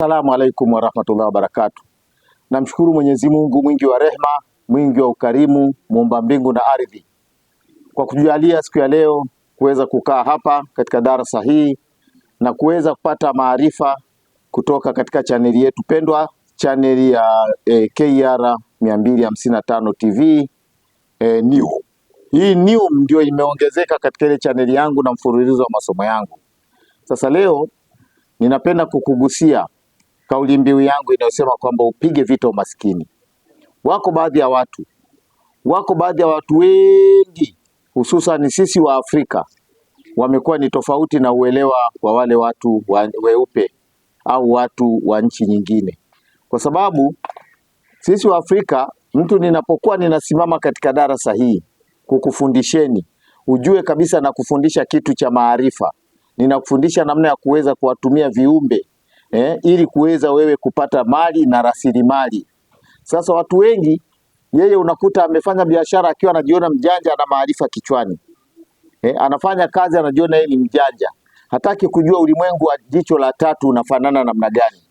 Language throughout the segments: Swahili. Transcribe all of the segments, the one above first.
Asalamu alaikum warahmatullahi wabarakatu. Namshukuru Mwenyezi Mungu mwingi wa rehma, mwingi wa ukarimu, muumba mbingu na ardhi, kwa kujalia siku ya leo kuweza kukaa hapa katika darasa hii na kuweza kupata maarifa kutoka katika chaneli yetu pendwa, chaneli ya eh, KR 255 TV eh, new. Hii new ndio imeongezeka katika ile chaneli yangu na mfululizo wa masomo yangu. Sasa leo ninapenda kukugusia kauli mbiu yangu inayosema kwamba upige vita umaskini. Wako baadhi ya watu, wako baadhi ya watu wengi, hususan sisi wa Afrika wamekuwa ni tofauti na uelewa wa wale watu wa weupe au watu wa nchi nyingine, kwa sababu sisi wa Afrika, mtu ninapokuwa ninasimama katika darasa hii kukufundisheni, ujue kabisa na kufundisha kitu cha maarifa, ninakufundisha namna ya kuweza kuwatumia viumbe eh, ili kuweza wewe kupata mali na rasilimali. Sasa watu wengi, yeye unakuta amefanya biashara akiwa anajiona mjanja, ana maarifa kichwani eh, anafanya kazi anajiona yeye ni mjanja, hataki kujua ulimwengu wa jicho la tatu unafanana namna gani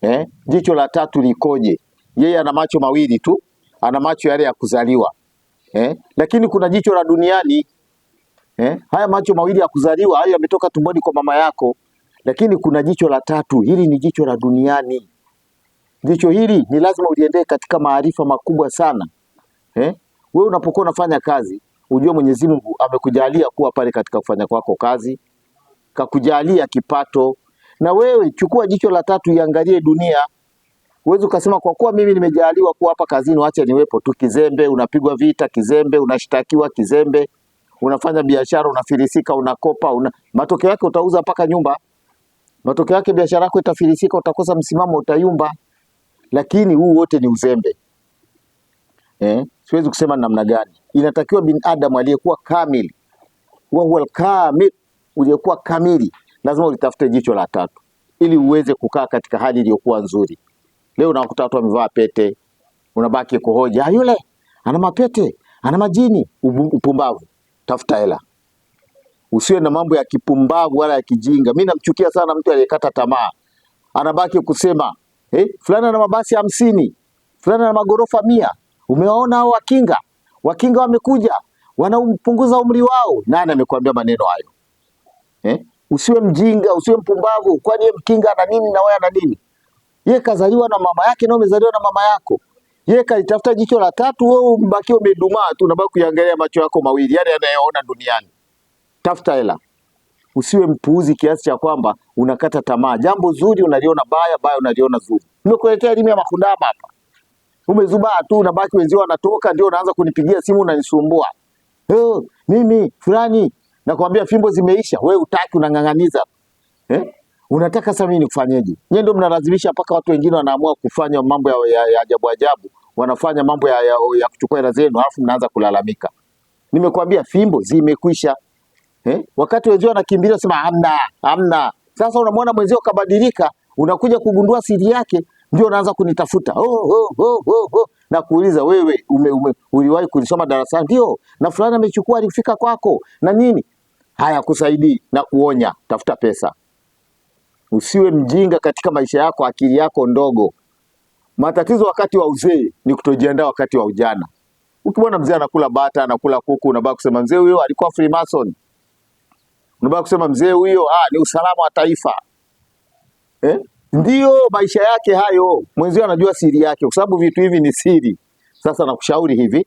eh, jicho la tatu likoje? Yeye ana macho mawili tu, ana macho yale ya kuzaliwa eh, lakini kuna jicho la duniani eh, haya macho mawili ya kuzaliwa hayo yametoka tumboni kwa mama yako lakini kuna jicho la tatu, hili ni jicho la duniani. Jicho hili ni lazima uliendee katika maarifa makubwa sana eh? Wewe unapokuwa unafanya kazi ujue Mwenyezi Mungu amekujalia kuwa pale katika kufanya kwako kazi, kakujalia kipato. Na wewe chukua jicho la tatu, iangalie dunia. Uwezi ukasema kwa kuwa mimi nimejaliwa kuwa hapa kazini, wacha niwepo tu kizembe. Unapigwa vita kizembe, unashtakiwa kizembe, unafanya biashara unafilisika, unakopa una... matokeo yake utauza mpaka nyumba. Matokeo yake biashara yako itafilisika, utakosa msimamo, utayumba. Lakini huu wote ni uzembe eh? Siwezi kusema namna gani. Inatakiwa binadamu aliyekuwa kamili, huwa kamil, uliyekuwa kamili, lazima ulitafute jicho la tatu ili uweze kukaa katika hali iliyokuwa nzuri. Leo unakuta watu wamevaa pete, unabaki kuhoja ah, yule ana mapete, ana majini. Upumbavu, tafuta hela. Usiwe na mambo ya kipumbavu wala ya kijinga. Mimi namchukia sana mtu aliyekata tamaa, anabaki kusema eh, fulani ana mabasi hamsini, fulani ana magorofa mia. Umewaona hao Wakinga? Wakinga wamekuja wanapunguza umri wao. Nani amekuambia maneno hayo eh? Usiwe mjinga, usiwe mpumbavu. Kwani yeye Mkinga ana nini na wewe ana nini? Yeye kazaliwa na mama yake na umezaliwa na mama yako. Yeye kalitafuta jicho la tatu, wewe umbaki umedumaa tu, unabaki kuangalia macho yako mawili, yale yaani yanayoona duniani tafuta hela, usiwe mpuuzi kiasi cha kwamba unakata tamaa. Jambo zuri unaliona baya, baya unaliona zuri. Nimekuletea elimu ya makundama hapa, umezubaa tu, unabaki wenzio wanatoka, ndio unaanza kunipigia simu unanisumbua. oh, mimi fulani nakwambia fimbo zimeisha, wewe utaki, unang'ang'aniza eh? Unataka sasa mimi nikufanyeje? Nyie ndio mnalazimisha mpaka watu wengine wanaamua kufanya mambo ya, ya, ya ajabu ajabu, wanafanya mambo ya, ya, ya kuchukua hela zenu, alafu mnaanza kulalamika. Nimekwambia fimbo zimekwisha. zi eh? Wakati wenzio anakimbilia unasema amna amna. Sasa unamwona mwenzio kabadilika, unakuja kugundua siri yake, ndio unaanza kunitafuta oh, oh, oh, oh, oh. na kuuliza wewe, ume, ume, uliwahi kulisoma darasani? Ndio, na fulani amechukua alifika kwako na nini. Haya, kusaidii na kuonya, tafuta pesa. Usiwe mjinga katika maisha yako, akili yako ndogo. Matatizo wakati wa uzee ni kutojiandaa wakati wa ujana. Ukimwona mzee anakula bata, anakula kuku, unabaki kusema mzee huyo alikuwa Freemason. Unabaki kusema mzee huyo, ah, ni usalama wa taifa eh? Ndiyo maisha yake hayo, mwenzio anajua siri yake, kwa sababu vitu hivi ni siri. Sasa nakushauri hivi,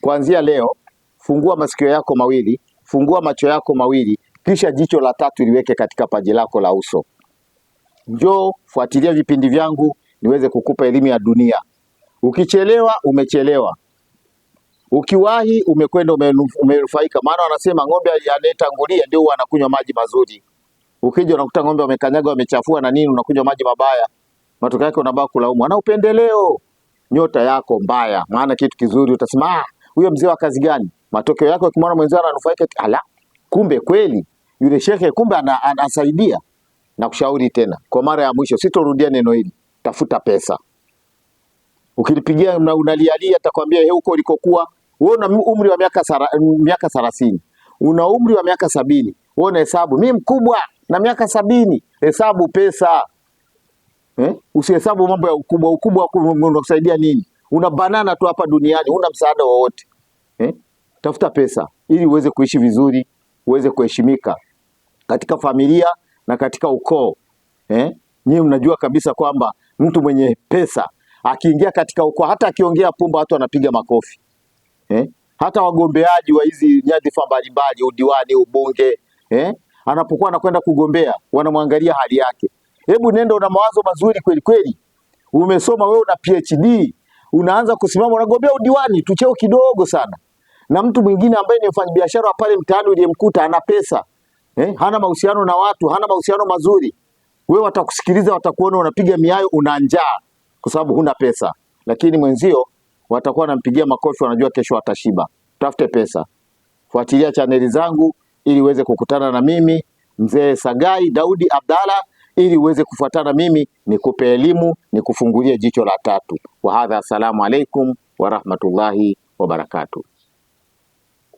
kuanzia leo fungua masikio yako mawili, fungua macho yako mawili, kisha jicho la tatu liweke katika paji lako la uso. Njoo fuatilia vipindi vyangu niweze kukupa elimu ya dunia. Ukichelewa umechelewa. Ukiwahi umekwenda umenufaika, maana wanasema ng'ombe anayetangulia ndio huwa anakunywa maji mazuri. Ukija unakuta ng'ombe wamekanyaga, wamechafua na nini, unakunywa maji mabaya, matokeo yake unabaki kulaumu. Ana upendeleo, nyota yako mbaya, maana kitu kizuri utasema ah, huyo mzee wa kazi gani? Matokeo yako ukimwona mwenzao ananufaika, ala, kumbe kweli yule shekhe, kumbe anasaidia. Na kushauri tena kwa mara ya mwisho, sitorudia neno hili, tafuta pesa. Ukilipigia unalialia, atakwambia he, huko ulikokuwa wewe una umri wa miaka sara, miaka thelathini, una umri wa miaka sabini, wewe hesabu mimi mkubwa na miaka sabini, hesabu pesa eh? Usihesabu mambo ya ukubwa ukubwa, unakusaidia nini? Una banana tu hapa duniani, una msaada wowote eh? Tafuta pesa ili uweze kuishi vizuri, uweze kuheshimika katika familia na katika ukoo eh? Nyinyi mnajua kabisa kwamba mtu mwenye pesa akiingia katika ukoo, hata akiongea pumba, watu wanapiga makofi eh? hata wagombeaji wa hizi nyadhifa mbalimbali, udiwani, ubunge eh? anapokuwa anakwenda kugombea wanamwangalia hali yake. Hebu nenda, una mawazo mazuri kweli kweli, umesoma wewe, una PhD, unaanza kusimama unagombea udiwani tucheo kidogo sana, na mtu mwingine ambaye ni mfanyabiashara pale mtaani uliyemkuta ana pesa eh? hana mahusiano na watu, hana mahusiano mazuri, wewe watakusikiliza, watakuona unapiga miayo, una njaa kwa sababu huna pesa, lakini mwenzio watakuwa wanampigia makofi, wanajua kesho atashiba. Tafute pesa, fuatilia chaneli zangu ili uweze kukutana na mimi mzee Sagai Daudi Abdalla, ili uweze kufuatana mimi nikupe elimu, nikufungulie jicho la tatu. Wahadha, assalamu alaikum warahmatullahi barakatuh.